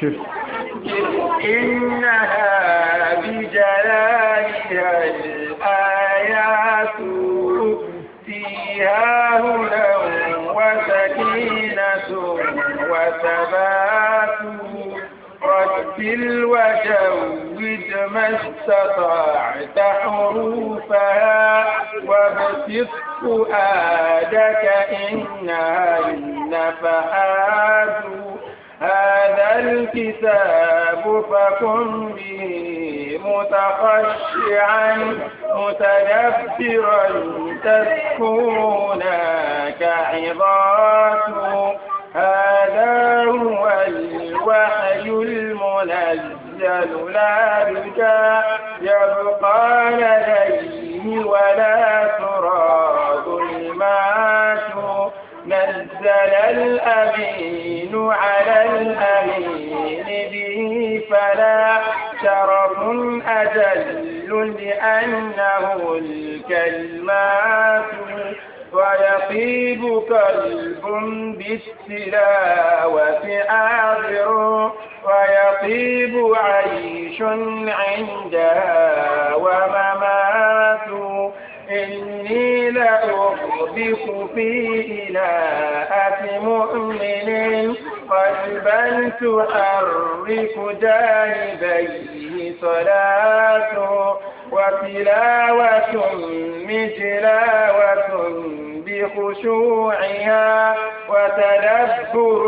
كيف إنها بجلالها الآيات فيها هدى وسكينة وثبات رتل وجود ما استطعت حروفها وابسط فؤادك إنها النفحات هذا الكتاب فكن به متخشعا متدبرا تسكونا كعظات هذا هو الوحي المنزل لا بك يبقى لديه ولا تراد المال نزل الأمين على الأمين به فلا شرف أجل لأنه الكلمات ويطيب قلب بالتلاوة آخر ويطيب عيش عندها وممات إني لأخبث في إلاءة مؤمن قلبا تحرك جانبيه صلاته وتلاوة بتلاوة بخشوعها وتدبر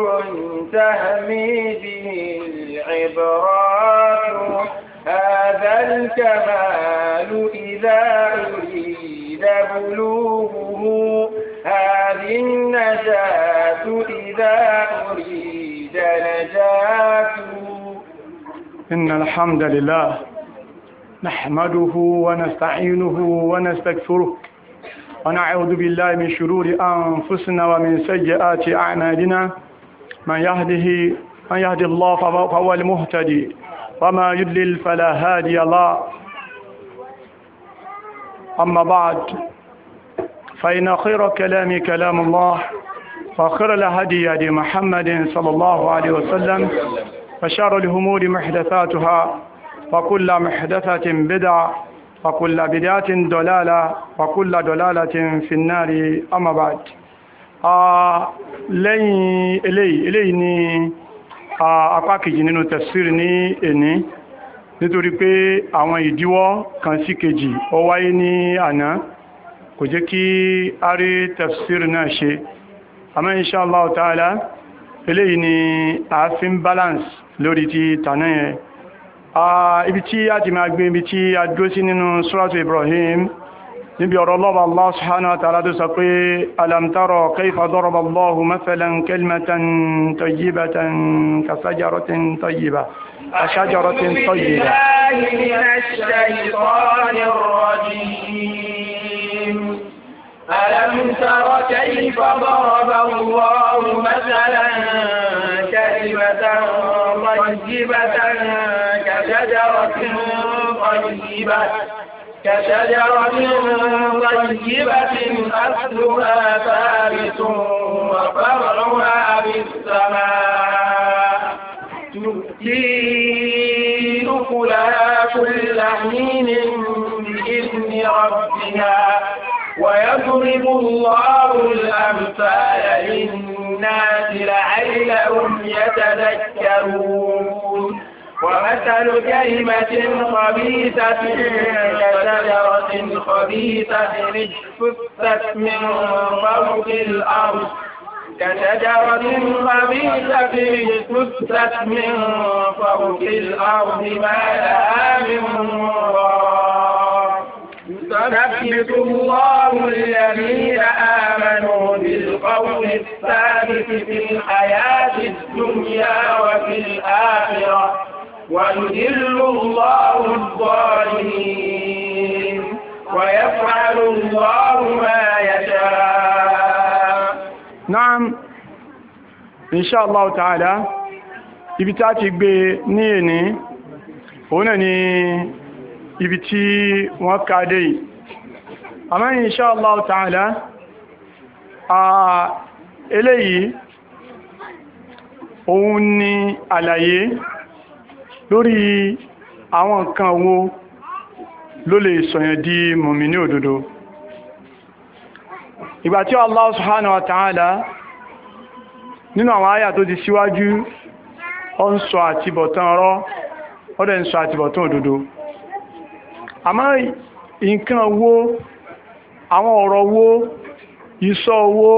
تهمي به العبرات هذا الكمال إذا أريد تبلوه هذه النجاة إذا أريد نجاة إن الحمد لله نحمده ونستعينه ونستكثره ونعوذ بالله من شرور أنفسنا ومن سيئات أعمالنا من يهده من يهدي الله فهو المهتدي وما يدلل فلا هادي الله أما بعد فإن خير كلام كلام الله وخير لهدي هدي محمد صلى الله عليه وسلم وشر الأمور محدثاتها فكل محدثة بدعة وكل بدعة دلالة، وكل دلالة في النار أما بعد لي إلي إليني ni apá kejì nínú tafsir ní nítorí pé àwọn ìdíwọ́ kan sí kejì ó wáyé ní àná kò jẹ́ kí a rí tafsir náà ṣe àmọ́ insha Allah ta'ala eléyìí ni a balance lórí ti tàná yẹn ibi tí a ti máa gbé ibi tí a dúró sí nínú suratu Ibrahim níbi ọ̀rọ̀ lọ́wọ́ Allah subhanahu wa ta'ala tó sọ pé alam tara kayfa Allahu mathalan kalimatan tayyibatan ka shajaratin أشجرة طيبة من الشيطان الرجيم ألم تر كيف ضرب الله مثلا كلمة طيبة كشجرة طيبة كشجرة طيبة أصلها ثابت وفرعها بالسماء تؤتي لها كل حين بإذن ربها ويضرب الله الأمثال للناس لعلهم يتذكرون ومثل كلمة خبيثة كشجرة خبيثة اجتثت من فوق الأرض كشجرة خبيثة اجتثت من فوق الأرض ما لها من يثبت الله الذين آمنوا بالقول الثابت في الحياة الدنيا وفي الآخرة ويذل الله الظالمين ويفعل الله ما يشاء Naam, insha Allah ta'ala, ibi tá ti gbé ní èní, òun náà ni ibi tí wọ́n kàdé yìí. Àmọ́ insha Allah ta'ala, a eléyìí, òun ni àlàyé lórí àwọn nǹkan wo ló lè sọ̀yàn di mùmínì òdodo ìgbà tí Allah subhanahu wa ta'ala nínú àwọn àyà tó ti síwájú ó ń sọ àtibọ̀tán ọ̀rọ̀ ó dẹ̀ ń sọ àtibọ̀tán òdodo àmọ́ nǹkan wo àwọn ọ̀rọ̀ wo ìsọ owó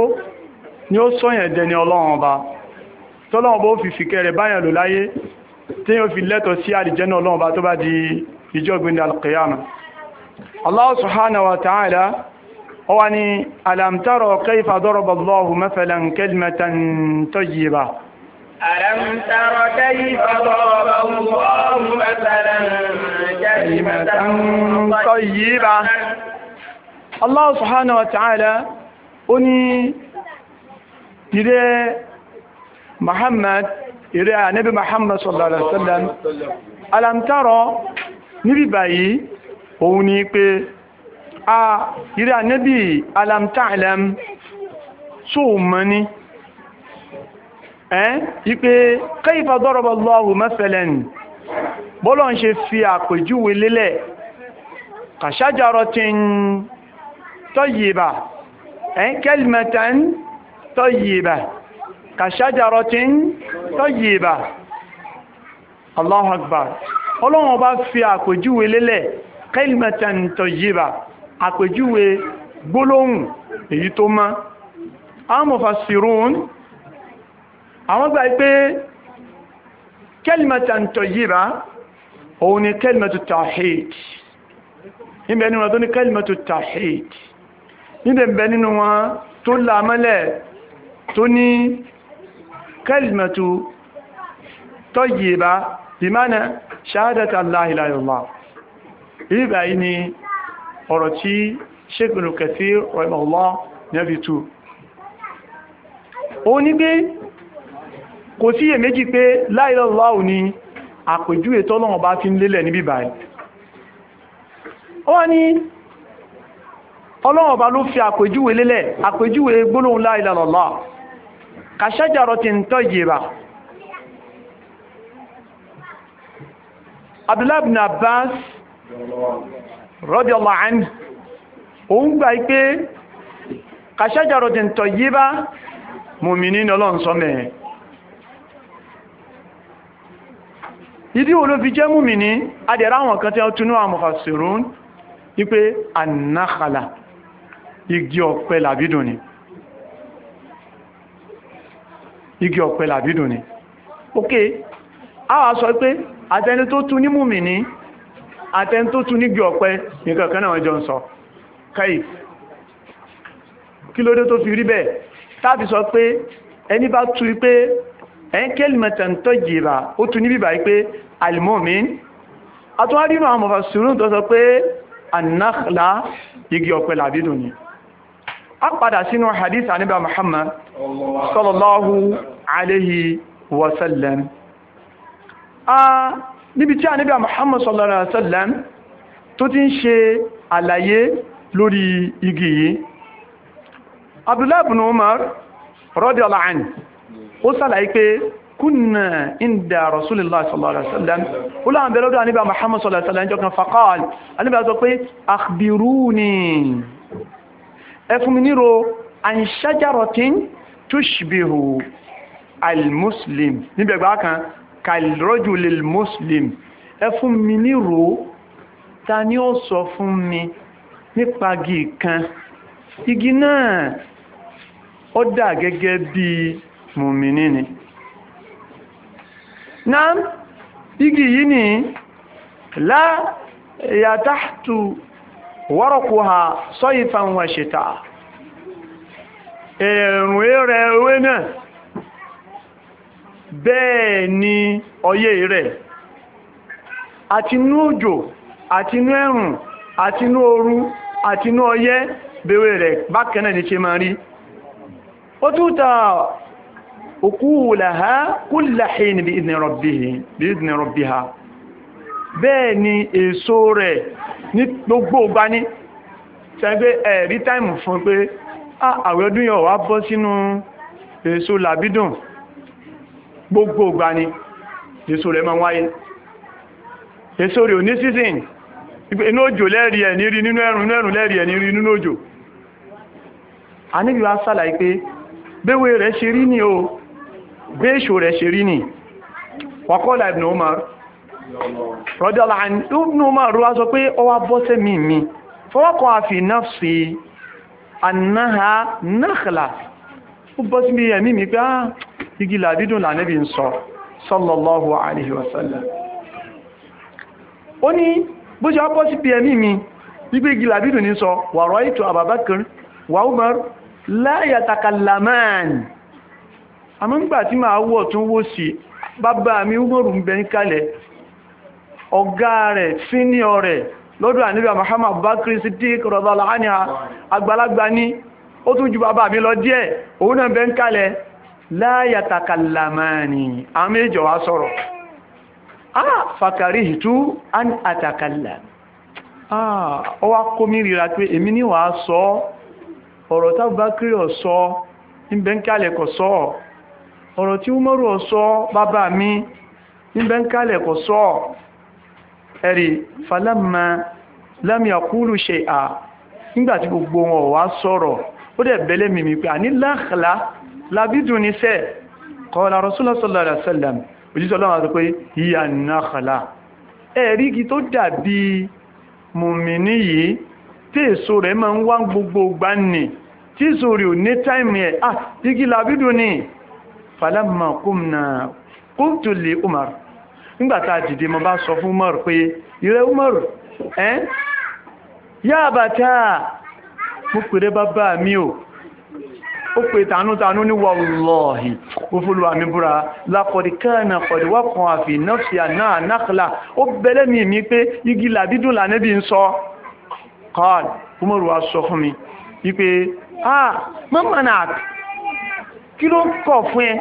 ni ó sọ̀yàn dẹni ọlọ́run ọba tọ́lọ́run bó fi fìkẹ́ rẹ̀ báyàn lò láyé tí yóò fi lẹ́tọ̀ ọwá ni alam tara kayfa daraba Allahu mathalan kalimatan tayyiba alam tara kayfa daraba Allahu mathalan kalimatan tayyiba Allah subhanahu wa ta'ala ó ní ìrẹ́ Muhammad ìrẹ́ ànábì Muhammad sallallahu alaihi wasallam alam tara níbi báyìí òun a ìrẹ́ ànábì alamtaalam tó mọ́ ní ẹ́n ipé kayfa daraba Allahu mathalan bọ́lọ̀ ń ṣe fi àpèjúwe lélẹ̀ ka shajaratin tayyiba ẹ́n kalimatan tayyiba ka shajaratin tayyiba Allahu akbar ọlọ́run ọba fi àpèjúwe lélẹ̀ kalimatan tayyiba àpèjúwe gbólóhùn èyí tó mọ́ àwọn mufassirun àwọn gbà pé kalimatan tayyiba òun ni kalimatu tawhid níbẹ̀ nínú wọn tó ní kalimatu tawhid níbẹ̀ nínú wọn tó lámọ́lẹ̀ tó ní kalimatu tayyiba bí mánà shahadata Allah ọ̀rọ̀ tí Sheikh Ibn Kathir rahimahullah nẹ́bí tú ó ní pé kò sí è méjì pé la ilaha illallah ni àpèjúwe tọ́lọ́wọ̀n bá fi ń lélẹ̀ níbí báyìí ó wá ní ọlọ́wọ̀n bá ló fi àpèjúwe lélẹ̀ àpèjúwe gbólóhùn la ilaha illallah ka shajaratin tayyiba Abdullah ibn Abbas radiyallahu anhu òun gbà pé kashajaratin tayyiba mùmìnì ní ọlọ́run sọ́mẹ̀ ìdí wo ló fi jẹ́ mùmìnì adẹ̀rẹ́ àwọn kan tí wọ́n túnú àwọn mufassirun wípé annakhala igi ọ̀pẹ làbídùn ni ok a wà sọ pé àtẹni tó tún ní mùmìnì àtẹn tó tún nígbì ọ̀pẹ nìkan kan náà jọ ń sọ káyì kí ló dé tó fi rí bẹ́ẹ̀ táàfi sọ pé ẹni bá tu pé ẹ̀yìn kẹ́lìmọ̀tàn tó jìrà ó tu níbí báyìí pé àlìmọ́mí àtúwárí náà mọ̀fà sùúrùn tó sọ pé ànáàlá igi ọ̀pẹ làbínú a níbi tí ànábì Muhammad sallallahu alaihi wasallam tó ti ń ṣe àlàyé lórí igi yìí Abdullahi ibn Umar radiyallahu anhu ó sàlàyé pé كنا عند رسول الله صلى الله عليه وسلم ولا عم بيرد عن محمد صلى الله عليه وسلم كان فقال انا بقول اخبروني افمنيرو عن شجره تشبه المسلم نبي بقى كان kàlrọ́jùlẹ̀ muslim ẹ fún mi nírò ta ni ó sọ fún mi nípa igi kan igi náà ó dà gẹ́gẹ́ bí mùmíní ni náà igi yìí ni láyàtàtù wọ́rọ̀kù ha sọ́yìnfà wọn ṣètà ẹ̀rùn ẹ̀rẹ̀ ewé náà bẹ́ẹ̀ ni ọyẹ́ rẹ̀ àtinú òjò àtinú ẹ̀rùn àtinú ooru àtinú ọyẹ́ bèwé rẹ̀ bákan náà ṣe máa rí ó túta òkú ni bí ìdìnà rọ̀bí ha bẹ́ẹ̀ ni èso rẹ̀ ní gbogbo ọgbá ní ẹ̀rí táìmù fún pé ah, àwẹ̀ ọdún yọ wá bọ́ sínú èso làbídùn gbogbo ìgbà ni èso rẹ̀ máa wáyé èso rẹ̀ ò ní season inú òjò lẹ́rìí ẹ̀ ní rí nínú ẹ̀rùn nínú ẹ̀rùn ẹ̀ ní rí nínú òjò àníbi wa sàlàyé pé béwé rẹ̀ ṣe rí ni o bí èso rẹ̀ ṣe rí ni wàkọ́lá Ibn Umar rọ́dọ́lá Ibn Umar rọ́ wá sọ pé ọwá bọ́sẹ̀ mi mi fọwọ́kọ́ bọ́ sí mi ẹ̀mí mi ah, igi làbídùn lànẹ́bí ń sọ sallallahu alaihi wasallam ó ní bó ṣe ọpọ́ sí pmi mi wípé igi làbídùn ní sọ wàrọ̀ ètò Abubakar wa Umar la yatakallaman àmọ́ nígbà tí màá wọ̀ tún wò sí bàbá mi Umaru ń bẹ ń kalẹ̀ rẹ̀ senior rẹ̀ lọ́dọ̀ àníbà Muhammad Abubakar Siddiq radiyallahu àgbàlagbà ní ó tún ju bàbá mi lọ díẹ̀ òun náà bẹ ń láyàtàkàlàmáni àwọn méjì wá sọ̀rọ̀ ah fàkàrí ìtú an àtàkàlà ah ọ wá kó mi ríra pé èmi ní wàá sọ ọ̀rọ̀ tábàkiri ọ̀sọ́ níbẹ̀ ń kálẹ̀ kọ̀ sọ ọ̀rọ̀ tí Umaru ọ̀sọ́ bàbá mi níbẹ̀ ń kálẹ̀ kọ̀ ẹ̀rì falama lámìà kúrú ṣe à nígbàtí gbogbo wọn wá sọ̀rọ̀ ó dẹ̀ bẹ́lẹ̀ mímí pé àní láàkàlà labidu ní sẹ́ kọ́lá rasulullah sallallahu alaihi wasallam òjíṣẹ́ ọlọ́run àti pé ìyá nàkàlà ẹ̀rí igi tó dàbí mùmìnì yìí tí èso rẹ̀ máa ń wá gbogbo gbá nì tí èso rẹ̀ ò ní táìmì ẹ̀ ah igi labidu ni falamma qumna qultu li umar nígbàtà dìde mo bá sọ fún umar pé ìrẹ́ umar ẹ́ yá bàtà mo pèrè bàbá mi o ó pe tanútanú ní wàlọ́ọ̀hì ó fún lu àmì búra lakọ̀dí kẹ́ẹ̀nà kọ̀dí wọ́n kan àfi nọ́ọ̀sì àná ànákàlà ó bẹ́lẹ́ mi mi pé igi làbídùn lànẹ́bí ń sọ kọ́ọ̀lù kúmọ̀rù wa sọ fún mi wípé ah mọ́mọ́nà kí ló ń kọ̀ fún ẹ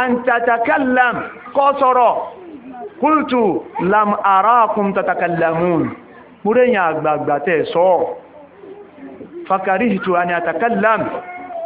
àǹtàtàkàlàm kọ́ sọ̀rọ̀ kúrùtù lam arákùn tàtàkàlàmùn múrẹ̀yìn àgbààgbà tẹ̀ sọ́ọ̀ fakarihitu ani àtàkàlàm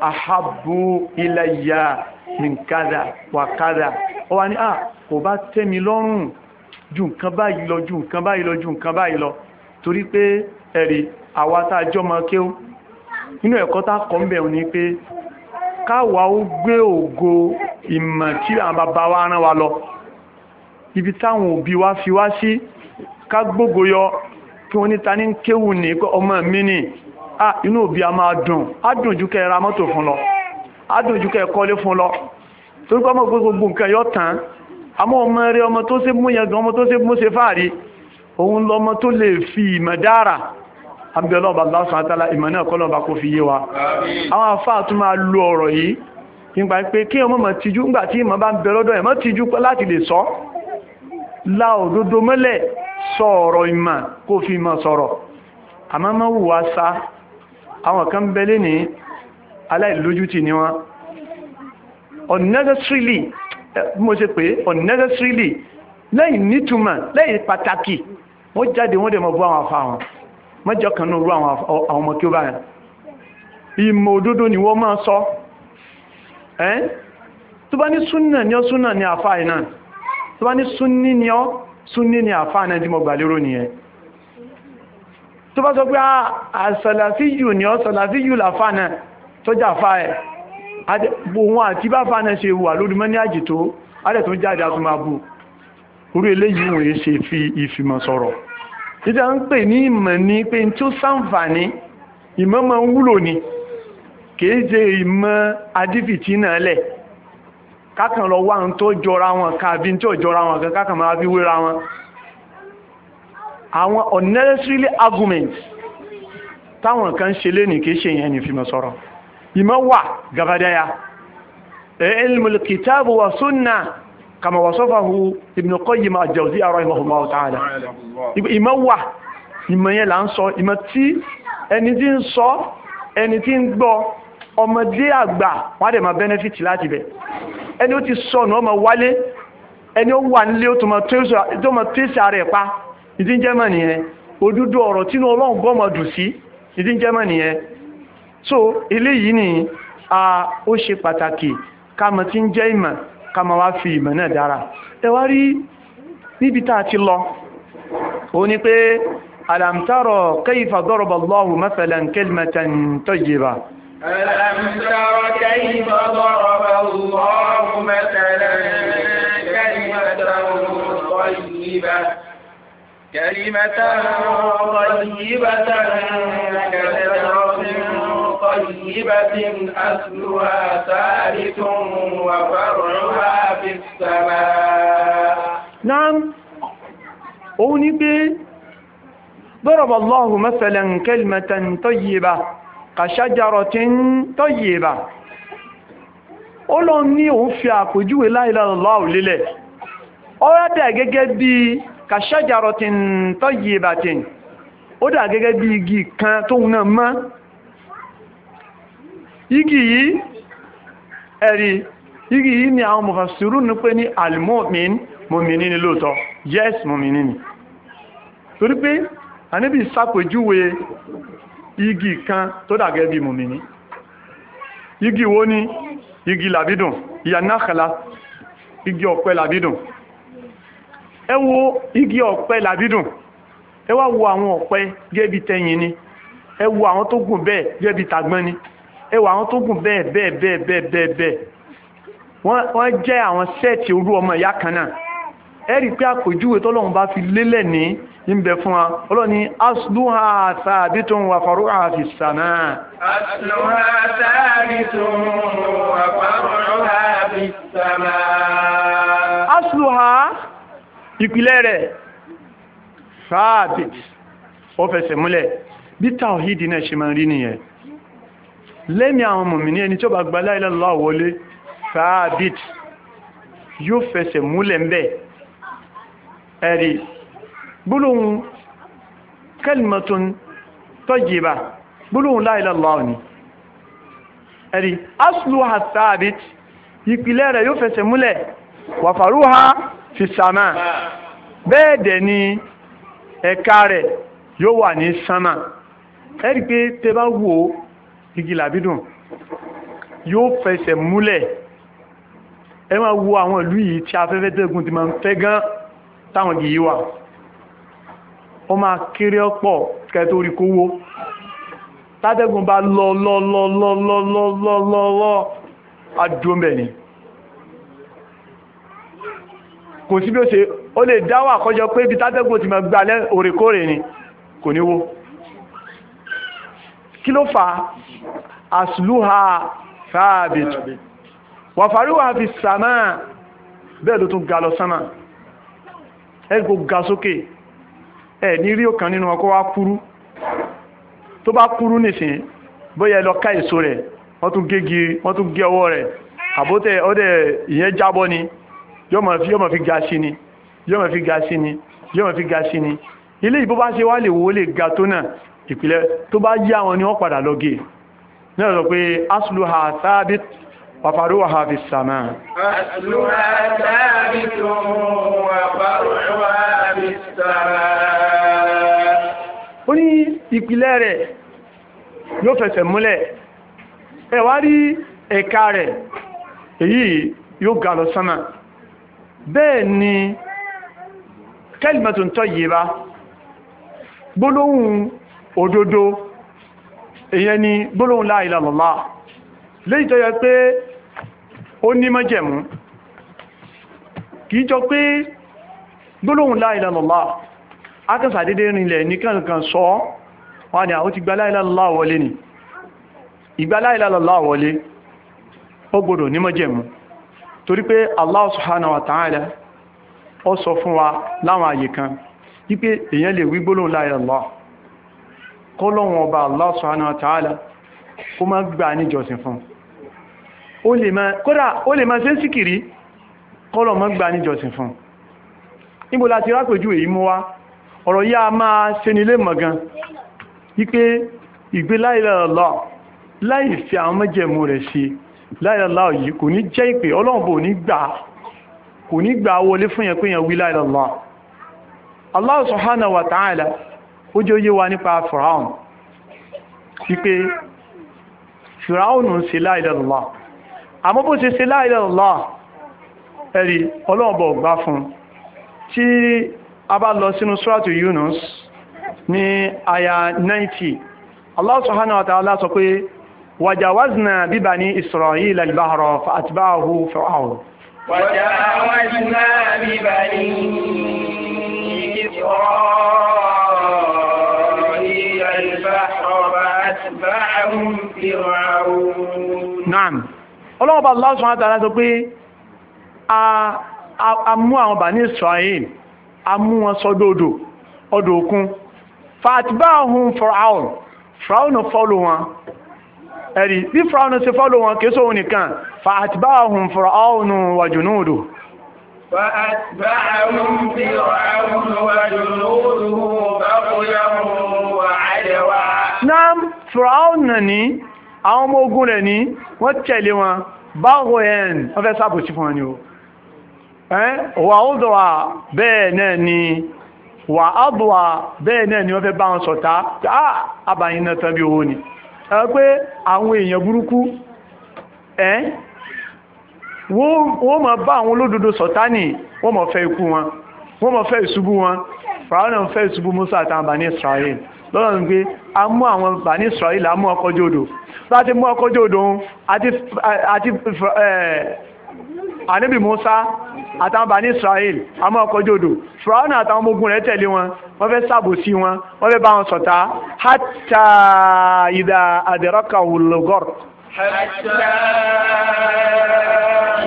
ahabu ilayya min kada wa kada ó wá ní à ah, kò bá tẹ́mi lọ́rùn ju nǹkan báyìí lọ ju nǹkan báyìí lọ ju nǹkan báyìí lọ torí pé ẹ̀rí àwa tá a jọ máa kéwú nínú ẹ̀kọ́ tá kọ́ ń bẹ̀ ní pé káwa ó gbé ògo ìmọ̀ tí àwọn bàbá wa rán wa lọ ibi táwọn òbí wa fi wá sí ká gbógo yọ kí wọ́n níta ní kéwù ní ọmọ mi nìí ah inú òbí a máa dùn á dùn ju kẹ́ ra mọ́tò fún lọ á dùn ju kẹ́ kọ́lé fún lọ torí pé ọmọ gbogbo nǹkan yọ tán àmọ́ ọmọ rẹ ọmọ tó ṣe mú yẹn gan ọmọ tó ṣe mú ṣe fáàrí òun lọmọ tó lè fi ìmọ̀ dára abiola ọba Allah subhanahu ìmọ̀ náà fi yé wa àwọn àwọn kan bẹ́lẹ̀ ní aláìlójútì ni wọ́n unnecessarily eh, mo ṣe pé unnecessarily lẹ́yìn nítumọ̀ lẹ́yìn pàtàkì wọ́n jáde wọ́n dẹ̀ mọ̀ bú àwọn afá wọn mọ́jọ kan náà rú àwọn ọmọ kí ó bá ìmọ̀ òdodo ni wọ́n máa sọ ẹ́n tó bá ní súnnà ni ọ́ súnnà ni àfá náà tó bá ní súnní ni ọ́ súnní ni àfá náà tí mo gbà lérò nìyẹn tó bá sọ pé àṣàlàfíyù ah, ni ọ ṣàlàfíyù làfà náà tó jà fa ẹ̀ òun àti bá fa náà ṣe wà lórí mọ́ ní àjìtó adẹ̀ tó jáde àtúmàbù orí eléyìí wòye ṣe fi ìfìmọ̀ sọ̀rọ̀ títà ń pè ní ìmọ̀ ní pé tí ó sàǹfààní ìmọ̀ máa ń wúlò ni kìí ṣe ìmọ̀ adífìtì náà lẹ̀ kákan lọ wá ohun tó jọra wọn kàbí tí ò jọra wọn kan kákan máa fi wéra wọn àwọn unnecessarily arguments táwọn kan ṣe lé ní kí ṣe yẹn ni fi mọ́ sọ́rọ̀ ìmọ̀ wà gabadaya ilmul wa sunna kama wasafahu ibn qayyim al-jawzi rahimahullahu ta'ala ìmọ̀ wà ìmọ̀ yẹn là ń sọ ìmọ̀ tí ẹni tí ń sọ ẹni tí ń gbọ́ ọmọdé àgbà wọ́n dẹ̀ máa benefit láti bẹ̀ ẹni ó ti sọnù ọmọ wálé ẹni ó wà nílé ó tó máa tẹ́sà rẹ̀ pa ìdí ń jẹ́mọ̀ nìyẹn òdúdú ọ̀rọ̀ tínú ọlọ́run gọ́mọ̀ dùn sí ìdí ń jẹ́mọ̀ nìyẹn so eléyìí ni a ó ṣe pàtàkì kámọ tí ń jẹ́ ìmọ̀ kámọ wá fi ìmọ̀ náà dára ẹ wá rí níbi tá a ti lọ ó ní pé alam tara kayfa daraba Allahu mathalan kalimatan tayyiba alam tara kayfa daraba Allahu mathalan كلمة طيبة كشجرة طيبة أصلها ثابت وفرعها في السماء نعم أوني بي ضرب الله مثلا كلمة طيبة كشجرة طيبة ọlọ́run ní òun fi àpèjúwe láìláàlá òlélẹ̀ ọ́rẹ́dẹ̀ gẹ́gẹ́ bíi kàṣájàrọ̀tìn tọ́yì ìbàtìn ó dà gẹ́gẹ́ bí igi kan tóun náà mọ́ igi yìí ẹ̀rí igi yìí ni àwọn mọ̀fàṣírù ní pé ní alimomin mọ̀mìnì ni lóòtọ́ yes mọ̀mìnì ni torí pé àníbi ìsàpèjúwe igi kan tó dà gẹ́gẹ́ bí mọ̀mìnì igi wo ni igi làbídùn ìyànnákàlá igi ọ̀pẹ làbídùn ẹ wo igi ọ̀pẹ làbídùn ẹ wo àwọn ọ̀pẹ gẹ́gẹ́ bí ni ewu wo àwọn tó gùn bẹ́ẹ̀ gẹ́gẹ́ ewu tàgbọ́n ni bee bee àwọn tó gùn bẹ́ẹ̀ bẹ́ẹ̀ bẹ́ẹ̀ bẹ́ẹ̀ bẹ́ẹ̀ bẹ́ẹ̀ wọ́n jẹ́ àwọn sẹ́ẹ̀tì orú ọmọ ìyá kan náà ẹ pé àpèjúwe tọ́lọ́run bá fi lélẹ̀ ní ìbẹ̀ fún wa ọlọ́run ní asluha sabitun wà faruha fi sàmà. asluha sabitun wà faruha fi sàmà. asluha. ìpìlẹ̀ rẹ̀ sáàbìt ó fẹsẹ̀ múlẹ̀ bí tàwíìdì náà ṣe máa rí nìyẹn lẹ́mí àwọn mùmínì ẹni tí ó bá gba la ilaha illallah wọlé sáàbìt yóò fẹsẹ̀ múlẹ̀ ń bẹ̀ ẹ̀rí gbólóhùn kalimatun tayyiba gbólóhùn la ilaha illallah ni ẹ̀rí ìpìlẹ̀ rẹ̀ yóò fẹsẹ̀ múlẹ̀ wàfàrúha fi sàmà bẹ́ẹ̀ dẹ̀ ni ẹ̀ka rẹ̀ yóò wà ní sánmà ẹ rí i pé tẹ bá wò ó igi làbídùn yóò fẹsẹ̀ múlẹ̀ ẹ máa wo àwọn ìlú yìí tí afẹ́fẹ́ tẹ́gùn ti máa ń fẹ́ gan táwọn igi yìí wà ó máa kéré ọ̀pọ̀ kẹtòrí kówó tátẹ́gùn bá lọ lọ lọ lọ lọ lọ lọ lọ adúmbẹ̀ ni kò sí bí ó ṣe ó lè dáwà kọjọ pé ibi tátẹ́gùn ti máa gbà òrèkóòrè ni kò ní wó kí ló fà á àṣìlúhà fàábìtù wàfàríwà fi sàmà bẹ́ẹ̀ ló tún ga lọ sánà ẹ kò ga sókè ẹ ní rí ọ̀kan nínú ọkọ̀ wá kúrú tó bá kúrú nìsín bóyá lọ ká èso rẹ̀ wọ́n tún gé ọwọ́ rẹ̀ àbótẹ́ ọdẹ ìyẹn jábọ́ ni yóò mọ̀ fi ga sí ni yóò mọ̀ fi ga sí ni yóò mọ̀ fi ga sí ni ilé ìbó bá ṣe wá lè wó lè ga tó náà ìpìlẹ̀ tó bá yí àwọn ni wọ́n padà asluha thabit وفروعها في السماء أصلها ثابت وفرعها في السماء ó ní ìpìlẹ̀ rẹ̀ yóò fẹsẹ̀ múlẹ̀ ẹ ẹ̀ka rẹ̀ èyí yóò ga lọ sánmà bẹ́ẹ̀ ni kalimatun tayyiba gbólóhùn òdodo èyẹn ni gbólóhùn la ilaha illallah léyìí tó yẹ pé ó ní májẹ̀mú kìí jọ pé gbólóhùn la ilaha illallah akẹ́sàdédé rinlẹ̀ ní kankan sọ wọ́n ni àwọn ti gba la ilaha illallah wọlé ni ìgbà la ilaha illallah wọlé ó gbọ́dọ̀ ní májẹ̀mú torí pé Allah subhanahu wa ta'ala ó sọ fún wa láwọn àyè kan wípé lè wí gbólóhùn la kọlọ illallah kọ́lọ́wọ̀n ọba Allah subhanahu wa ta'ala kó má gbà fún ó lè ṣe síkìrí má gbà fún níbo láti èyí mú a máa ṣe nílé mọ̀gan wípé ìgbé fi àwọn mẹ́jẹ̀mú láìlọ́lá yìí kò ní jẹ́ ìpè ọlọ́run kò ní gbà wọlé fún yẹn wí láìlọ́lá Allah subhanahu wa ta'ala ó jẹ́ wa nípa fìràún sipe fìràún si laida láìlọ́lá àmọ́ bó ṣe ṣe suratu Yunus ni aya 90 Allah subhanahu wa ta'ala so وجاوزنا ببني إسرائيل البحر فأتبعه فرعون وجاوزنا ببني إسرائيل البحر فأتبعهم فرعون نعم ọlọ́wọ́ bá lọ́wọ́ sọ́nà tààrà sọ pé a mú àwọn bàní Israel a mú wọn sọ́dọ̀ odò òkun fàtìbáhùn Fáráò Fáráò náà fọ́lù wọn ẹ̀rí bí firaun ṣe fọ́lọ̀ wọn kìí sóhun nìkan fa atba'ahum fir'aun wa junudu. fa atba'ahum fir'aun wa junudu baghyan wa 'adwa. naam firaun nà ní àwọn ọmọ ogun rẹ̀ ní wà ó wà á bẹ́ẹ̀ náà ni wọ́n fẹ́ bá wọn sọ̀tá àbàyìn ah, náà owó ni ẹ pé àwọn èèyàn burúkú ẹ́ wọ́n máa bá àwọn olódodo sọ̀tánì wọ́n máa fẹ́ ikú wọn wọ́n máa fẹ́ ìṣubú wọn fàánà fẹ́ ìṣubú Musa àtàwọn Bani Israel lọ́nà ń gbé a mú àwọn Bani Israel a mú ọkọ̀jọ́ odò bá mú ọkọ̀jọ́ odò ànábì Musa àtàwọn bani Israel àmọ́ ọkọjọ odò fúráwọn àtàwọn ọmọ ogun rẹ̀ tẹ̀lé wọn wọ́n fẹ́ ṣàbòsí wọn wọ́n fẹ́ bá wọn ṣọ̀tá hátà ìdá àdẹrọkà wùlọgọr. hátà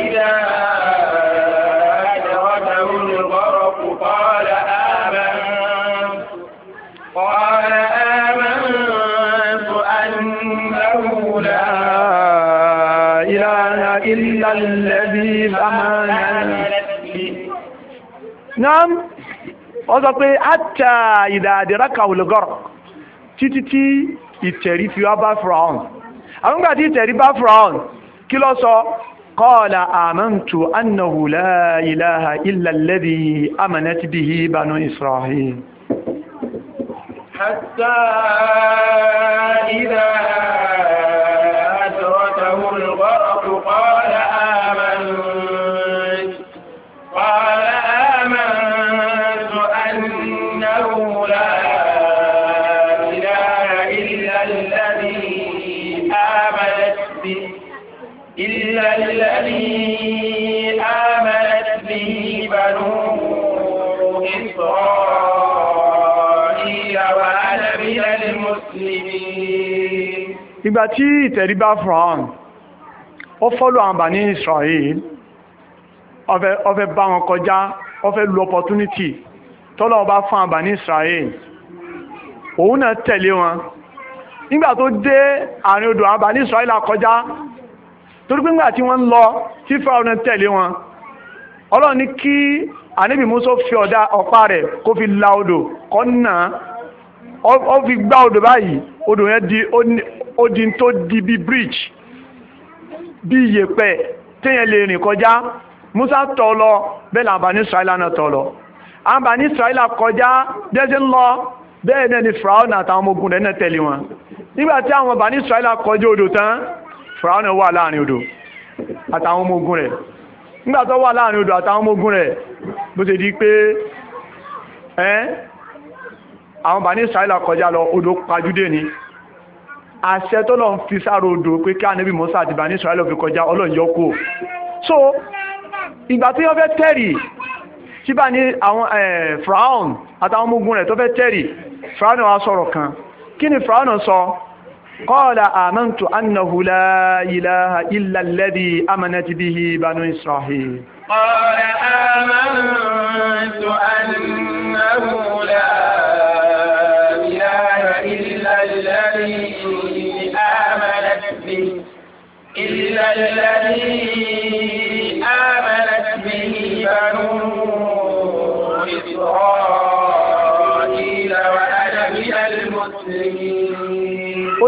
ìdá náà wọ́n sọ pé àtà ìdàdìrà kàwùlùgọ́rọ̀ títí tí ìtẹ̀rí fi wá bá fúraun àwọn ìgbà tí ìtẹ̀rí bá fúraun kí ló sọ qala amantu annahu la ilaha illa alladhi amanat banu isra'il حتى إذا أدركه الغرق قال الذي آمنت به بنو إسرائيل وأنا من المسلمين ìgbà tí ìtẹ̀ríba Fáráò ó fọ́lù àwọn Bani Israel ó fẹ́ bá wọn kọjá ó fẹ́ lu opportunity tọ́lọ́ ọba fún àwọn Bani Israel òun náà tẹ̀lé wọn nígbà tó dé àárín odò àwọn Bani Israel kọjá torí pé ńgbà tí wọ́n ń lọ tí fáwọn tẹ̀lé wọn ọlọ́run ní kí ànábì Mùsá fi ọ̀dà ọ̀pá rẹ̀ kó fi la odò kọ́ nà ó fi gbá odò báyìí odò yẹn di ó di tó di bí bridge bí iyẹ̀pẹ̀ téèyàn lè rìn kọjá Mùsá tọ̀ lọ bẹ́ẹ̀ làǹbà ní Israẹla náà tọ̀ lọ àǹbà ní Israẹla kọjá dẹ́sẹ̀ ń lọ bẹ́ẹ̀ náà ni Fáráò àtàwọn ọmọ ogun rẹ̀ náà tẹ̀lé wọn nígbà tí àwọn bàní Israẹla kọjá odò tán fìràwọn náà wà láàrin odò àtàwọn ọmọ ogun rẹ̀ nígbà tó wà láàrin odò àtàwọn ọmọ ogun rẹ̀ bó ṣe di pé ẹ́n àwọn bàní Israẹla kọjá lọ odò pajúdé ni àṣẹ tó lọ fi sáré odò pé kí ànábì Mùsá àti bàní Israẹla fi kọjá Ọlọ́run so ìgbà tí wọ́n fẹ́ tẹ̀rì tí bá ní àwọn fìràwọn àtàwọn ọmọ ogun rẹ̀ tó fẹ́ tẹ̀rì fìràwọn sọ̀rọ̀ kan kí ni fìràwọn sọ قال آمنت أنه لا إله إلا الذي أمنت به بنو إسرائيل قال آمنت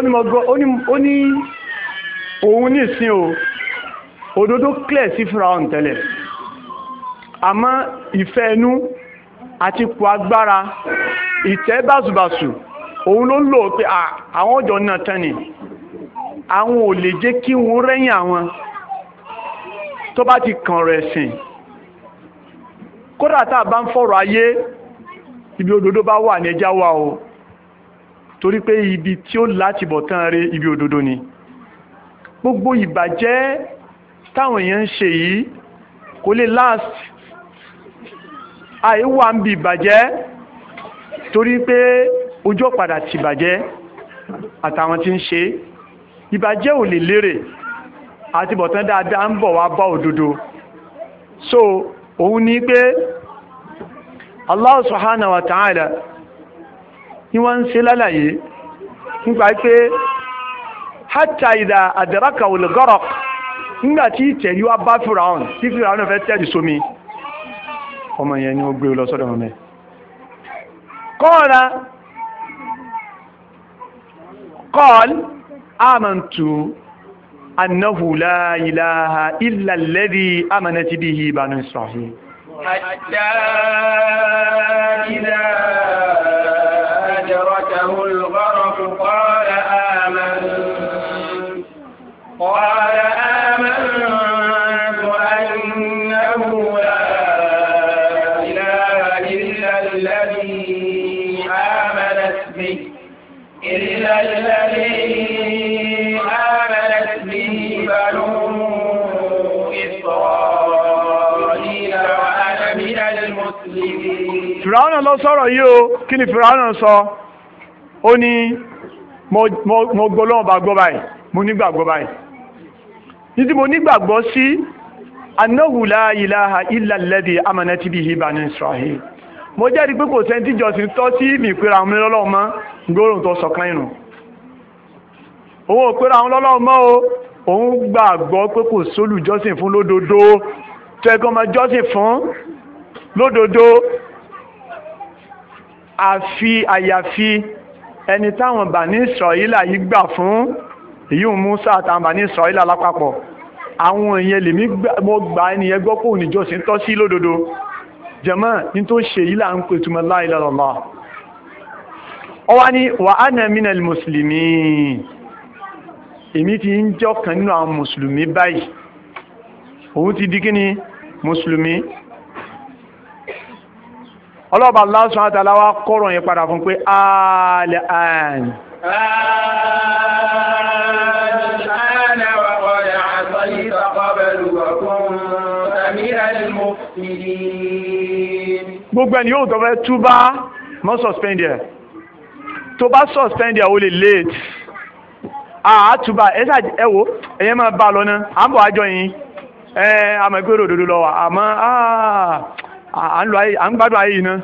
ní òun ní ìsìn o òdodo clear sí firaun tẹ́lẹ̀ àmọ́ ìfẹ́ ẹnu àti ipò agbára ìtẹ́ báṣubàṣu òun ló lò pé àwọn ọjọ́ náà tán ni àwọn ò lè jẹ́ kí wọ́n rẹ́yìn àwọn tó bá ti kàn rẹ̀ sìn kódà tá a bá ń fọ̀rọ̀ ayé ibi òdodo bá wà ní ẹja wa o. torí pé ibi tí ó láti bọ̀ tán rí ibi òdodo ni gbogbo ìbàjẹ́ táwọn èèyàn ń ṣe yìí kò lè last àìwà ń bi ìbàjẹ́ torí pé ojú ọ̀padà ti bàjẹ́ àtàwọn ti ń ṣe ìbàjẹ́ ò lè lérè àti bọ̀tán dáadáa ń bọ̀ wá bá òdodo so òun ni pé Allah subhanahu wa ta'ala ni wọ́n ń ṣe lálàyé nípa pé hata ìdá àdàràkà olùgọ́rọ̀ nígbà tí ìtẹ̀ yóò bá firaun tí firaun fẹ́ tẹ̀lé sómi ọmọ yẹn ni ó gbé e lọ sọ́dọ̀ mọ́mẹ́ kọ́ọ̀lá kọ́ọ̀l àmàntu annahu la ilaha illa alladhi amanati bihi banu israhi. حتى ila. fìràwọ́nà lọ sọ̀rọ̀ yìí o kí ni fìràwọ́nà sọ ó ní mo gbọ́lọ́wọ́ bá gbọ́ báyìí mo nígbàgbọ́ báyìí títí mo nígbàgbọ́ sí annahu la ilaha illa alladhi amanat bihi bani isra'il mo jẹ́rìí pé kò sẹ́ni tíjọsìn tọ́ sí mi ìpera àwọn lọ́lọ́wọ́ mọ́ gbóòrùn tó sọ̀kan ìrùn òun òpera àwọn lọ́lọ́wọ́ mọ́ o òun gbàgbọ́ pé kò sólùjọ́sìn fún lódodo tẹ́gbọ́n máa jọ́sìn fún lódodo àfi àyàfi ẹni táwọn bani israẹla yìí gbà fún èyí ò musa àtàwọn bani israẹla lápapọ̀ àwọn èèyàn lèmi mo gbà ẹnìyẹn gbọ́ pé oníjọsìn tọ́ sí lódodo jẹ̀mọ́ ní tó ṣe yìí là ń pè túmọ̀ la ilaha ọ wá ní wa ana minal muslimin èmi ti ń jẹ́ ọ̀kan nínú àwọn mùsùlùmí báyìí òun ti di kí ni mùsùlùmí ọlọ́ba Allah subhanahu wa kọ́rọ̀ yẹn padà fún pé àlẹ́ àn. gbogbo ẹni yóò tọ́fẹ́ túbá mọ́ suspend ẹ̀ tó bá suspend ẹ̀ o lè late àtúbà ẹ ṣáà ẹ wò ẹ̀yẹ́ máa bá a lọ náà à ń bọ̀ àjọ yìí ẹ̀ àmọ́ ìgbéró òdodo lọ wà àmọ́ à ń gbádùn ayé yìí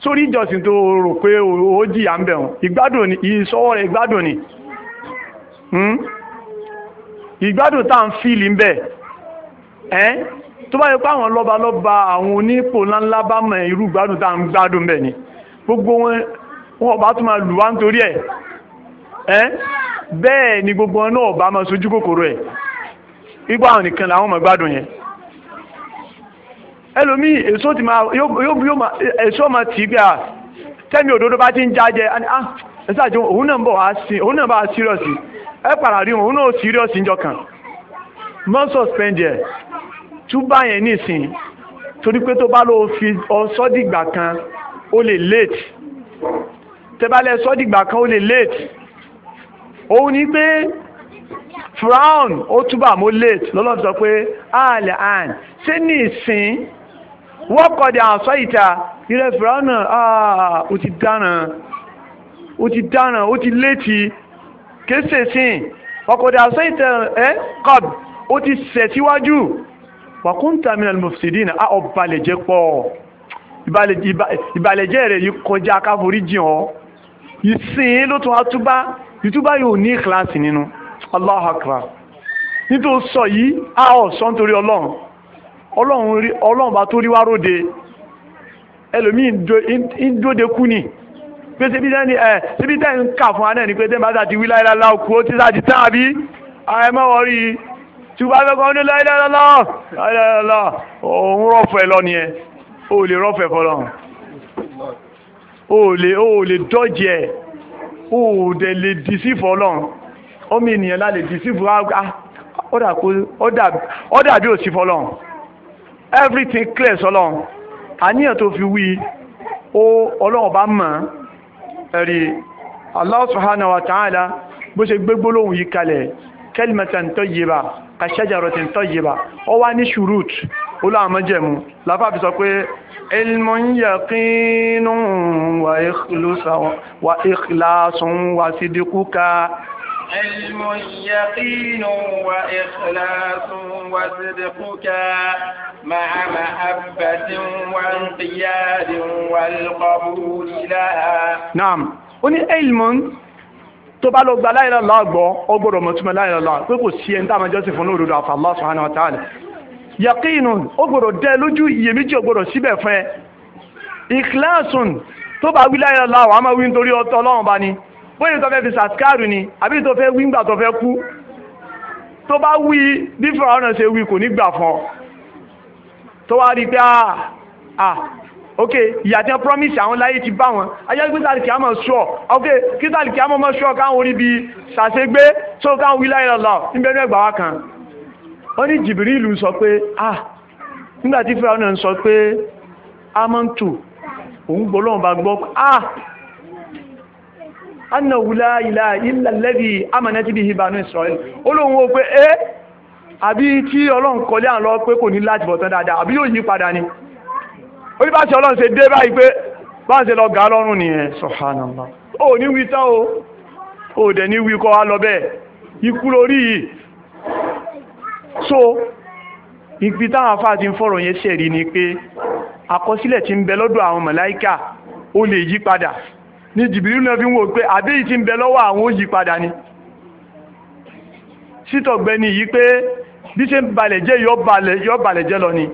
sórí ìjọsìn tó rò pé ó ń ìgbádùn ni ìsọwọ́ rẹ̀ ìgbádùn ni hmm? ìgbádùn tá à ń fíìlì ń bẹ̀ ẹ́ tó bá yẹ àwọn lọ́ba lọ́ba àwọn bá mọ̀ irú ìgbádùn tá ń gbádùn ni gbogbo wọn ọba tún máa lù wá nítorí ẹ̀ ẹ́ ọba máa sojú kòkòrò ẹ̀ àwọn nìkan làwọn ẹlòmíì èso ti máa yóò máa èso máa tì í gbà ah, tẹ́mi òdodo bá ti ń jájẹ ah ẹ̀sà jọ òun náà ń bọ̀ wá sí òun náà bá a sírọ̀sì ẹ pàrà rí òun náà sírọ̀sì ńjọ kan mọ́ suspend ẹ̀ túbà yẹn nísìn torí pé tó bá lọ fi ọsọ́dìgbà kan ó lè late tẹ́bálẹ̀ sọ́dìgbà kan ó lè late òun ni pé frown ó túbà mọ́ late lọ́lọ́ sọ pé àlẹ́ ah, àn ṣé ní ìsìn wọ́n kọ̀dé àṣọ ìta ilẹ̀ fìrànà ah, ó ti dáná ó ti dáná ó ti létí kéṣe sìn ọkọ̀dé àṣọ ìta ẹ kọ́b ó ti sẹ̀ síwájú wàkúntà minal mufsidin a ọ̀bàlẹ̀jẹ̀ pọ̀ ìbàlẹ̀jẹ̀ rẹ̀ yìí kọjá káforíjì ọ́ ìsìn ló tún atúbá ìtúbá yóò ní kíláàsì nínú Allahu akbar nítorí sọ yìí a ọ̀ sọ́ nítorí ọlọ́run ọlọ́run bá tó rí wá róde ẹlòmíì ń dóde kú ni pé ṣebí tẹ́ ni ẹ ṣebí tẹ́ ń kà fún wa náà ni pé tẹ́ ń bá sá ti wí láìláìlá òkú ó ti sá ti tán àbí ẹ mọ̀ wọ́n rí i tí o bá fẹ́ kọ́ ní láìláìlá láìláìlá òun rọ̀fọ̀ ẹ lọ nìyẹn o ò lè rọ̀fọ̀ ẹ fọlọ́ o ò lè o ò lè dọ́jì ẹ o ò dẹ̀ lè dìsífọ̀ ọlọ́run ọmọ ènìyàn la lè dìsífọ̀ ọ̀dà bí ò everything clear sọlọ́n àníyàn tó fi wí ó ọlọ́run bá mọ̀ ẹ̀rí Allah subhanahu wa ta'ala bó ṣe gbé gbólóhùn yìí kalẹ̀ kalimatan tayyiba ka shajaratin tayyiba ó wá ní shurut olóàmọ́jẹ̀mú láfà fi sọ pé ilmun yaqinun wa ikhlasun wa sidquka العلم اليقين وإخلاص وصدقك مع محبة وانقياد والقبول لها نعم وني علم tó bá lọ gba la ilaha illallah gbọ́ ó gbọ́dọ̀ mọ̀ túmọ̀ la ilaha illallah pé kò sí ẹni tá a máa jọ́sìn fún lódodo àfi Allah subhanahu wa ta'ala yaqinu ó gbọ́dọ̀ dẹ lójú iyèméjì ó gbọ́dọ̀ síbẹ̀ fún ẹ ikhlasun tó bá wí la ilaha wàá máa wí nítorí ọtọ Ọlọ́run bá ní bóyá tó fẹ́ fi sàtìkárù ni àbí tó fẹ́ wí ńgbà tó fẹ́ kú tó bá wí bí fìràwọ́nà ṣe wí kò ní gbà fún ọ tó wá rí pé ah, ah ok ìyá tí wọ́n promise àwọn láyé ti bá wọn ayé kí sàlìkì àmọ́ sọ ok kí sàlìkì àmọ́ mọ́ sọ káwọn orí bíi ṣàṣegbé tó káwọn wí láyé lọ́la níbẹ̀ ní ẹgbàá wa kan ó ní jìbìrìlù sọ pé ah nígbà tí fìràwọ́nà sọ pé amọ́ntù òun gbọ́ lọ́wọ́n bá gbọ́ ah annahu la ilaha illa alladhi amanat bihi banu israel olóhun ó pé ẹ́ àbí tí ọlọ́run kọlé àwọn lọ pé kò ní láti bọ̀ dáadáa àbí yóò yí padà ni ó ní bá ṣe ọlọ́run ṣe dé báyìí pé bá ń ṣe lọ gà lọ́rùn nìyẹn subhanallah ó ní wí tán o ó dẹ̀ ní wí kọ́ wa lọ bẹ́ẹ̀ ikú lórí yìí so ibi táwọn afá ti ń fọ̀rọ̀ yẹn ṣẹ̀rí ni pé àkọsílẹ̀ ti ń bẹ lọ́dọ̀ àwọn màláíkà ó lè yí padà ni jìbìrì náà fi ń wò pé àbẹ́yì ti ń bẹ lọ́wọ́ àwọn òyì padà ni sítọ̀gbẹ́ni yìí pé bí ṣe ń balẹ̀ jẹ́ yọ balẹ̀ jẹ́ lọ ni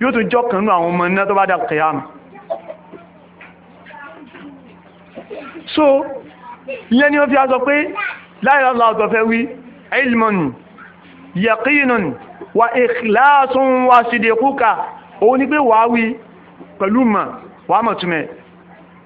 yóò tún jọ́ kanú àwọn ọmọ iná tó bá dà kìyàmù so ìyẹn ni wọ́n fi aṣọ pé láìláàlá ọ̀tọ̀ wí wa ikhlasun wa sidiquka òun ni pé wàá wí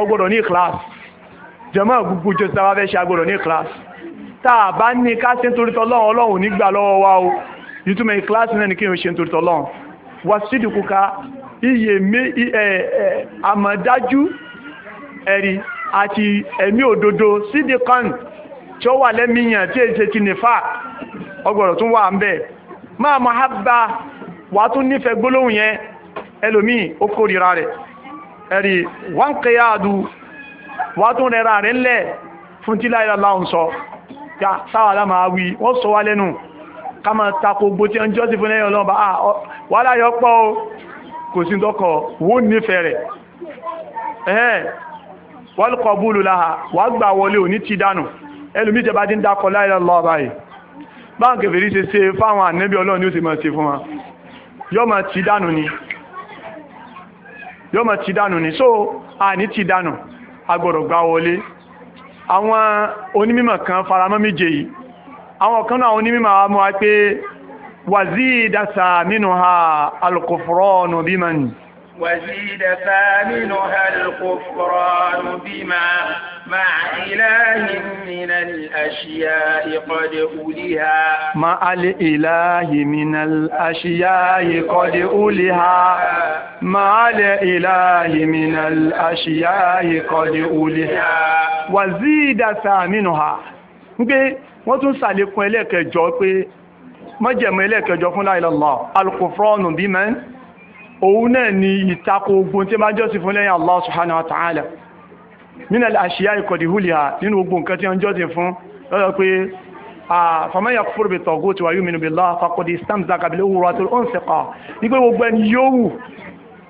ọgbọ́dọ̀ ní class jẹ̀mọ́ gbogbo jẹ́ sábà fẹ́ ṣe agbọ́dọ̀ ní class tá a bá ní ká ṣe nítorí tọ́lọ́run ọlọ́run nígbà lọ́wọ́ wa o ìtumọ̀ class náà ni kí ṣe nítorí tọ́lọ́run wà sídìkú ka iye àmọ̀dájú ẹ̀rí àti ẹ̀mí òdodo sídìkan tí ó wà lẹ́mìyàn tí èsì ti nìfà ọgbọ̀rọ̀ tún wà ń bẹ̀ máa mọ̀ hábà wà tún nífẹ̀ẹ́ gbólóhùn yẹn ẹlòmíì ó kórìíra rẹ̀ ẹ̀rí wọ́n kẹ́yà àdú wà tún rẹ̀ rẹ̀ ńlẹ̀ fún tí láìlá láhùn sọ ya sáwà lámà wí wọ́n sọ wá lẹ́nu ká máa takò gbó tí ẹnjọ́ sí fún lẹ́yìn ọlọ́ba ah, wà láyọ̀ pọ̀ o kò sí tọkọ̀ wó nífẹ̀ẹ́ rẹ̀ ẹ̀hẹ́n wọ́n kọ̀ búlù láha wà gbà wọlé òní ti ti ń dakọ̀ ni yóò mọ̀ ti dànù ní so àní ti dànù agbọ̀dọ̀ gbá wọlé àwọn onímọ̀ kan faramọ́ méje yìí àwọn kan náà onímọ̀ àwọn mọ́ wá pé wàzí ìdásà mínú ha alkùfrọ́ọ̀nù bímọ̀ nìí وزيد ثامنها الكفران بما مع إله من الأشياء قد أولها مع الإله من الأشياء قد أولها مع الإله من الأشياء قد أولها وزيد ثامنها wọ́n tún ṣàlékún ẹlẹ́kẹjọ pé mọ́jẹ̀mọ́ ẹlẹ́kẹjọ fún la ilaha illallah òun náà ni ìtakò ogun tí máa jọ́sìn fún lẹ́yìn Allah subhanahu wa ta'ala nínú àṣíyá ìkọ̀dì húlìá nínú ogun nǹkan tí wọ́n jọ́sìn fún lọ́dọ̀ pé faman yakfur bi taghut wa yu'min billah faqad istamsaka bil urwatil unsiqa nígbà gbogbo ẹni yóò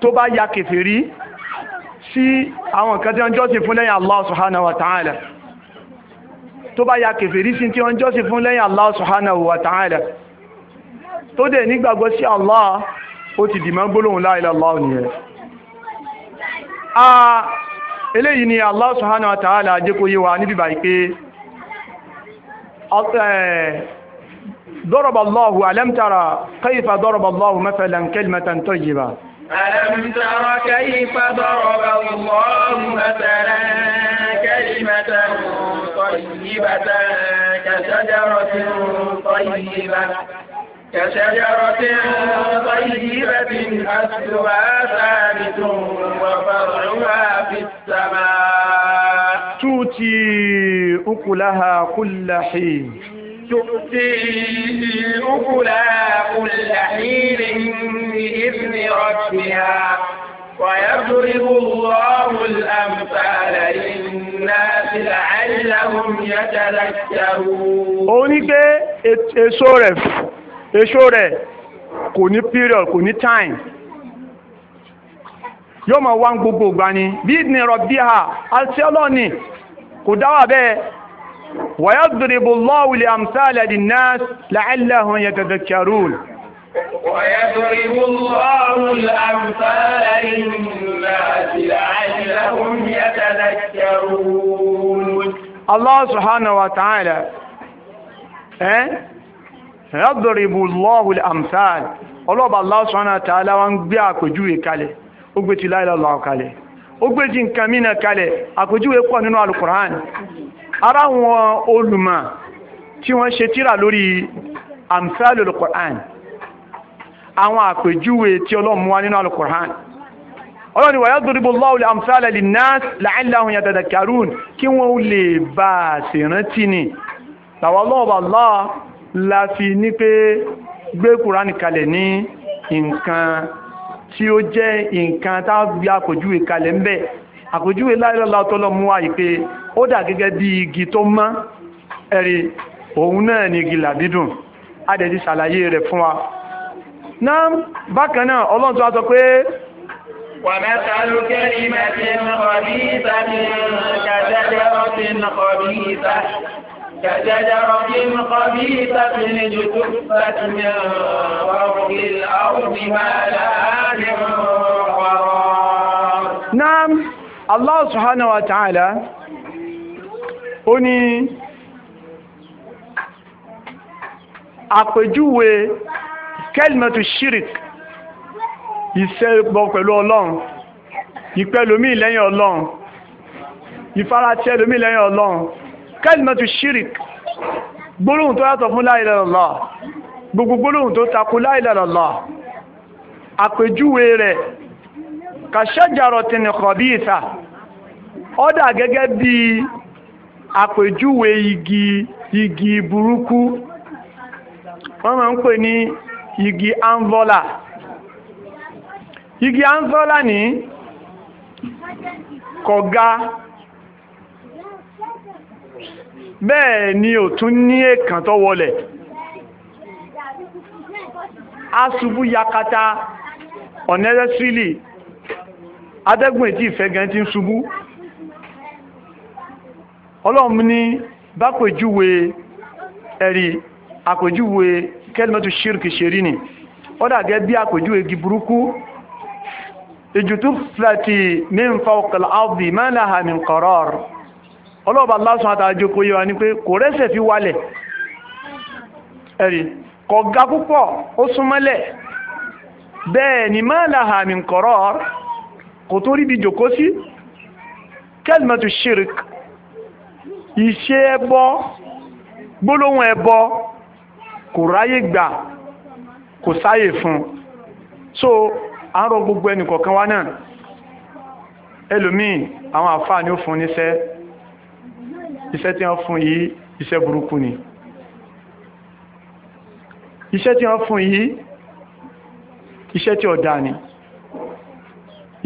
tó bá ya kèfèrí sí àwọn nǹkan tí wọ́n jọ́sìn fún lẹ́yìn Allah subhanahu wa ta'ala tó bá ya kèfèrí tó dẹ̀ nígbàgbọ́ sí Allah ó ti dì man gbólóhùn la ila allah ni ah eleyi ni Allah subhanahu wa ta'ala je ko jẹ́kọ̀ọ́yé wa bi bayi pé ضرب الله ألم ترى كيف ضرب الله مثلا كلمة طيبة ألم تر كيف ضرب الله مثلا كلمة طيبة كشجرة طيبة كشجرة طيبة أصلها ثابت وفرعها في السماء تؤتي أكلها كل حين تؤتي أكلها كل حين بإذن ربها ويضرب الله الأمثال للناس لعلهم يتذكرون. ó ní èso rẹ̀ kò ní period kò ní time yóò máa wá gbogbo ìgbà ni bí ní rọ̀bíà àti ọlọ́ọ̀ni kò dáwà bẹ́ẹ̀ wàyà dùrìbù lọ́wùlì àmsàlẹ̀ dì náà làálàhùn yẹ gẹ̀gẹ̀ kẹrùn. Allah subhanahu wa ta'ala. Eh? yadribu Allahu al-amthal ọlọ́ọ̀bà Allah subhanahu wa ta'ala wá ń gbé àpèjúwe kalẹ̀ ó gbé ti la ilaha illallah kalẹ̀ ó gbé ti nǹkan mìíràn kalẹ̀ àpèjúwe pọ̀ nínú alukur'an ara wọn olùmọ̀ tí wọ́n ṣe tíra lórí amthal alukur'an àwọn àpèjúwe tí ọlọ́mú wá nínú alukur'an ọlọ́ni wa yadribu Allahu al-amthal lin-nas la'allahum yatadhakkarun kí wọ́n lè bá a ṣèrántí ni làwọn ọlọ́ọ̀bà Allah la fi ní pé gbé kùránì kalẹ̀ ní nǹkan tí ó jẹ́ nǹkan tá a gbé àpèjúwe kalẹ̀ ń bẹ̀ àpèjúwe láìlọ́lá tọ́lọ́ mú wa yìí pé ó dà gẹ́gẹ́ bí igi tó mọ́ ẹ̀rí òun náà ni igi làbídùn a dẹ̀ ti ṣàlàyé rẹ̀ fún wa náà bákan náà ọlọ́run tó wá sọ pé ومثل كلمة خبيثة كشجرة خبيثة كشجرة خبيثة اجتثت من فوق الأرض ما لها من قرار نعم الله سبحانه وتعالى أني àpèjúwe kẹ́lìmẹ́tù shirik ìṣẹ́bọ pẹ̀lú ọlọ́run ìpẹ́lómí lẹ́yìn ọlọ́run ìfaratí ẹlòmí lẹ́yìn ọlọ́run kalimatu shirik gbólóhùn tó yàtọ̀ fún la ilaha illallah gbogbo gbólóhùn tó takò la ilaha illallah àpèjúwe rẹ̀ ka shajaratin khabitha ó dà gẹ́gẹ́ bí àpèjúwe igi igi burúkú wọ́n máa ń pè ní igi anvola igi anvola ní kọ̀ga bẹ́ẹ̀ ni ò tún ní èkàn tó wọlẹ̀ asubu yakata unnecessarily adẹ́gùn ètí ìfẹ́ gan ti ń ṣubú ọlọ́run ní bápèjúwe ẹ̀rí àpèjúwe kẹ́lìmọ́tò ṣírkì ṣerí ni ó dàgẹ́ bí àpèjúwe igi burúkú ìjùtú flati min fawqal ardi ma laha min qarar ọlọ́ọ̀bà lásán àtàjò kò yẹ wa ni pé kò rẹ́sẹ̀ fi wálẹ̀ ẹ̀rí kò ga púpọ̀ ó súnmọ́lẹ̀ bẹ́ẹ̀ ni máa láhà min qarar kò tó ríbi jòkó sí kalimatu shirk iṣẹ́ ẹbọ gbólóhùn ẹbọ kò ráyè gbà kò sáyè fún so à ń rọ gbogbo ẹnì kọ̀ọ̀kan wa náà ẹlòmíì àwọn àfáà ni ó fún níṣẹ́ iṣẹ́ tí wọ́n fún yìí iṣẹ́ burúkú ni iṣẹ́ tí wọ́n fún yìí iṣẹ́ tí ọ̀dá ni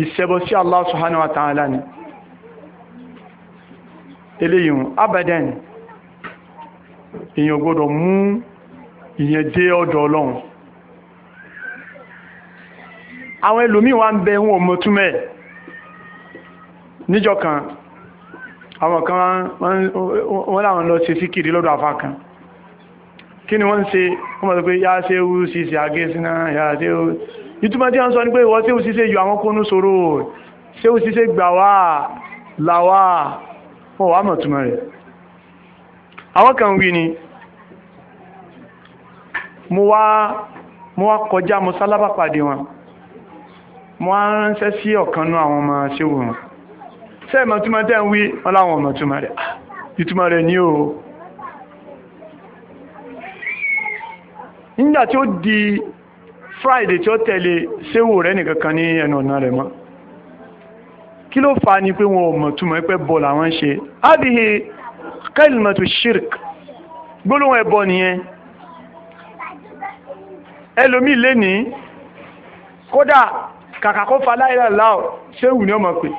ìṣẹ́bọ̀ sí Allah subhanahu wa ta'ala ni eléyìn abadan èyàn gbọ́dọ̀ mú ìyẹn dé ọ̀dọ̀ ọlọ́run àwọn ẹlòmíì wá ń bẹ wọn ò mọ̀túnmẹ̀ níjọ kan àwọn kan wọ́n láwọn lọ ṣe síkìrí lọ́dọ̀ àfá kan kí ni wọ́n ń ṣe wọ́n mọ̀ pé yá ṣe wú sí ṣe àgé síná yá ṣe wú ìtumọ̀ tí wọ́n sọ ní pé wọ́n ṣe wú sí ṣe yọ àwọn kónú sòrò ṣe wú sí ṣe gbà wá làwà wọ́n wà mọ̀ túmọ̀ rẹ̀ àwọn kan wí ni mo wá kọjá mo sálábà pàdé wọn mo wá ránṣẹ́ sí ọ̀kanú àwọn ọmọ ṣéwù wọn ṣe ìmọ̀túnmọ̀ tẹ́ ń wí wọ́n láwọn ìmọ̀túnmọ̀ rẹ̀ ìtumọ̀ rẹ̀ ah, o di Friday tí ó tẹ̀lé séwò rẹ̀ nìkankan ní ẹnu ọ̀nà rẹ̀ kí ló fà ni pé wọn mọ̀túnmọ̀ àwọn ṣe ábìhì kẹ́lìmọ̀tò shirk gbólóhùn ẹ̀bọ nìyẹn ẹlòmíì lé kódà kàkà séwù ni ó mọ̀ pé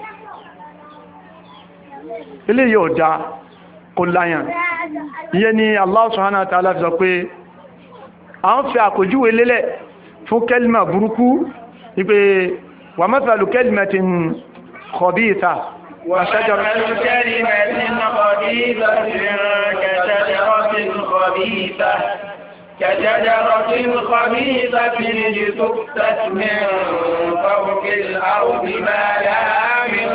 eléyìí ò dáa kò láyàn ìyẹn ni Allah subhanahu wa ta'ala fi sọ pé à ń fi àpèjúwe lélẹ̀ fún kẹ́límà burúkú wípé wa mathalu kalimatin khabitha ومثل كلمة خبيثة كشجرة خبيثة كشجرة خبيثة لتكتت من فوق الأرض ما لها من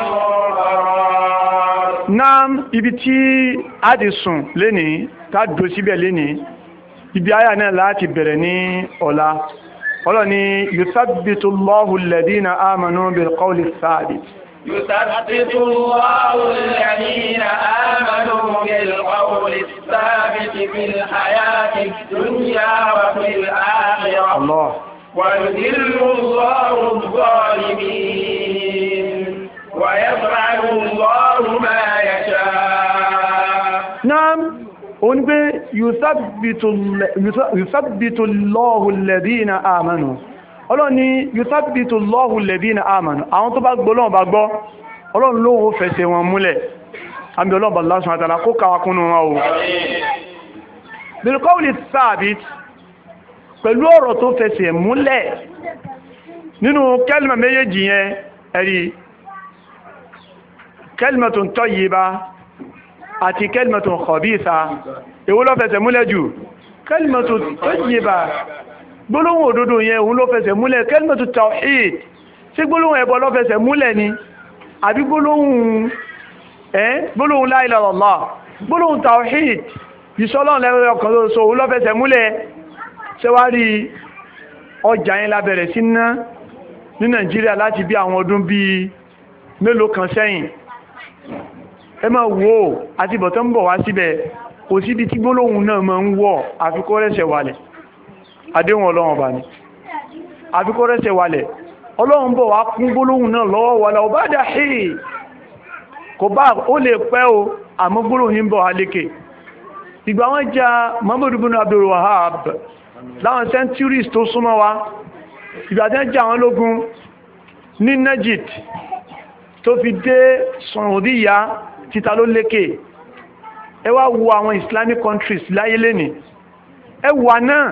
náà ibi tí a ti sùn lénìí ká dúró síbẹ̀ lénìí ibi àyà náà láti bẹ̀rẹ̀ ní ọ̀la ọlọ́ni yusabbitu Allahu alladhina amanu bil qawli thabit. يثبت الله الذين آمنوا بالقول الثابت في الحياة الدنيا وفي الآخرة الله ويذل الله الظالمين ó ní pé yusabitu lọ́hù lẹ́dínà àmánu ọlọ́run ni yusabitu lọ́hù lẹ́dínà àmánu àwọn tó bá gbọ́ lọ́wọ́ bá gbọ́ ọlọ́run ló ń fẹsẹ̀ wọn múlẹ̀ àmì ọlọ́run bá lásán àtàlà kó kàwákúnnú àti kẹ́lìmọ̀tò kọ̀bíìsà èwo ló fẹsẹ̀ múlẹ̀ jù kẹ́lìmọ̀tò tọ́jìyèbà gbólóhùn òdodo yẹn òun ló fẹsẹ̀ múlẹ̀ kẹ́lìmọ̀tò tawhid ṣé gbólóhùn ẹ̀bọ ló fẹsẹ̀ múlẹ̀ ni àbí gbólóhùn ẹ́ gbólóhùn la ilaha illallah gbólóhùn tawhid ìṣọ́lọ́run lẹ́rọ ọkàn ló so òun ló fẹsẹ̀ múlẹ̀ ṣé wàá rí ọjà yẹn la sí ná ní Nàìjíríà láti bí àwọn ọdún bíi mélòó kan sẹ́yìn ẹ máa wò ó àti bọ̀tọ́ ń bọ̀ wá síbẹ̀ kò síbi tí gbólóhùn náà máa ń wọ̀ àfikọ́ rẹ̀ṣẹ̀ wálẹ̀ àdéhùn ọlọ́run ọba ni àfikọ́ rẹ̀ṣẹ̀ wálẹ̀ ọlọ́run bọ̀ wá kún gbólóhùn náà lọ́wọ́ wà láwọ́ bá dà hì kò bá ó lè pẹ́ o àmọ́ gbólóhùn ní bọ̀ alékè ìgbà wọn ja Muhammad ibn Abdul Wahab láwọn centuries tó súnmọ́ wa ìgbà tí wọ́n ja àwọn lógun ní Najid tó fi dé Saudiya títa ló lékè ẹ wá wo àwọn islamic countries láyé lẹ́nìí ẹ wà náà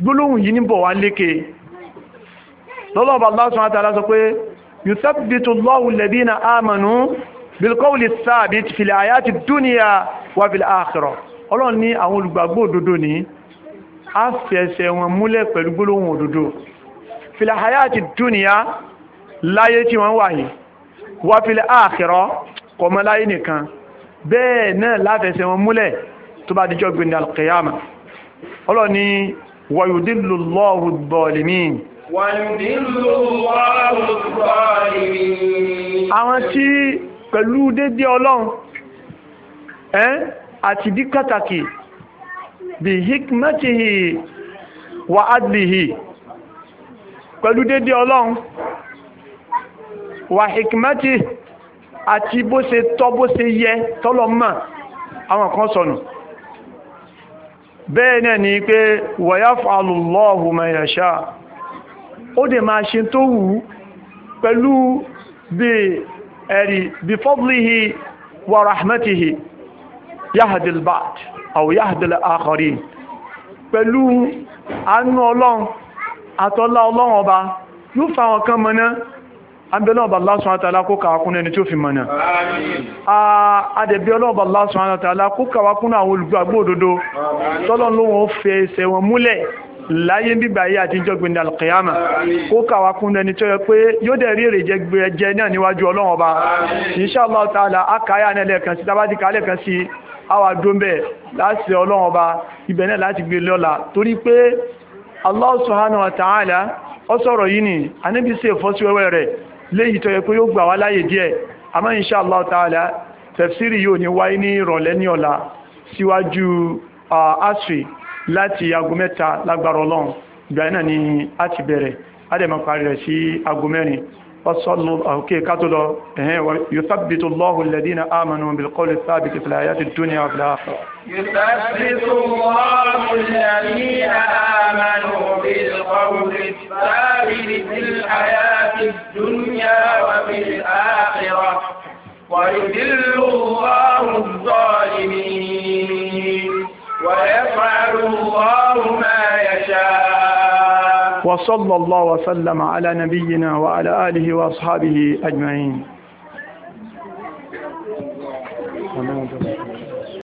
gbólóhùn yìí níbọ̀ wá lékè lọ́lọ́ọ̀bà Allah subhanahu wa ta'ala sọ pé yuthabbitu Allahu alladhina amanu bilqawli thabit fil hayati dunya wa fil akhirah ọlọ́run ní àwọn olùgbàgbọ́ òdodo ní a fẹ̀ẹ̀sẹ̀ wọn múlẹ̀ pẹ̀lú gbólóhùn òdodo fil hayati dunya láyé tí wọ́n wà yìí wáfílẹ̀ àkìrọ̀ kọmọláyé nìkan bẹ́ẹ̀ náà láfẹsẹ̀ wọn múlẹ̀ tó bá dijọ́ gbìn alkiyama ọlọ́ni wàyùdílù lọ́ọ̀hù bọ̀ọ̀lìmí àwọn tí pẹ̀lú dédé ọlọ́run ẹ́n àti dí kàtàkì bí hikmatihi wa adlihi pẹ̀lú dédé ọlọ́run wà hikmati àti bó ṣe tọ́ bó ṣe yẹ tọ́lọ mọ̀ àwọn kan sọnù bẹ́ẹ̀ náà ni pé wa yaf'alu Allahu ma yasha ó dẹ̀ máa ṣe tó wù ú pẹ̀lú bí ẹ̀rí bí fadlihi wa rahmatihi yahdil ba'd aw yahdil pẹ̀lú àánú ọlọ́run àtọ́lá ọlọ́run ọba yóò fa àwọn kan mọ́ná àbẹ̀lẹ̀ ọba Allah subhanahu wa ta'ala kó kàwàkún ẹni tí ó fi mọ̀nà àdẹ̀bí ọlọ́ọ̀bà Allah subhanahu wa ta'ala kó kàwàkún àwọn olùgbàgbò òdodo tọ́lọ́n ló wọ́n fẹ́ ẹsẹ̀ wọn múlẹ̀ láyé bíbà yìí àti ìjọgbìn ní alkiyama kó kàwàkún ẹni tó yẹ pé yóò dẹ̀ rí èrè jẹ náà níwájú ọlọ́wọ́n ọba insha Allah ta'ala akáyà náà lẹ́ẹ̀kan sí tábàdì kálẹ̀ rẹ̀ léyìí tó yẹ pé yóò gbà wá láyè díẹ̀ àmọ́ insha Allah ta'ala tafsiri yóò ní wáyé ní ìrọ̀lẹ́ ní ọ̀la síwájú asri láti aago mẹ́ta lágbára ọlọ́run ìgbà náà ni a ti bẹ̀rẹ̀ a rẹ̀ sí aago mẹ́rin وصلوا أوكي كاتلو إيه، يثبت الله الذين آمنوا بالقول الثابت في الآيات الدنيا وفي الآخرة يثبت الله الذين آمنوا بالقول الثابت في الحياة الدنيا وفي الآخرة ويذل الله الظالمين ويفعل الله ما يشاء وصلى الله وسلم على نبينا وعلى آله وأصحابه أجمعين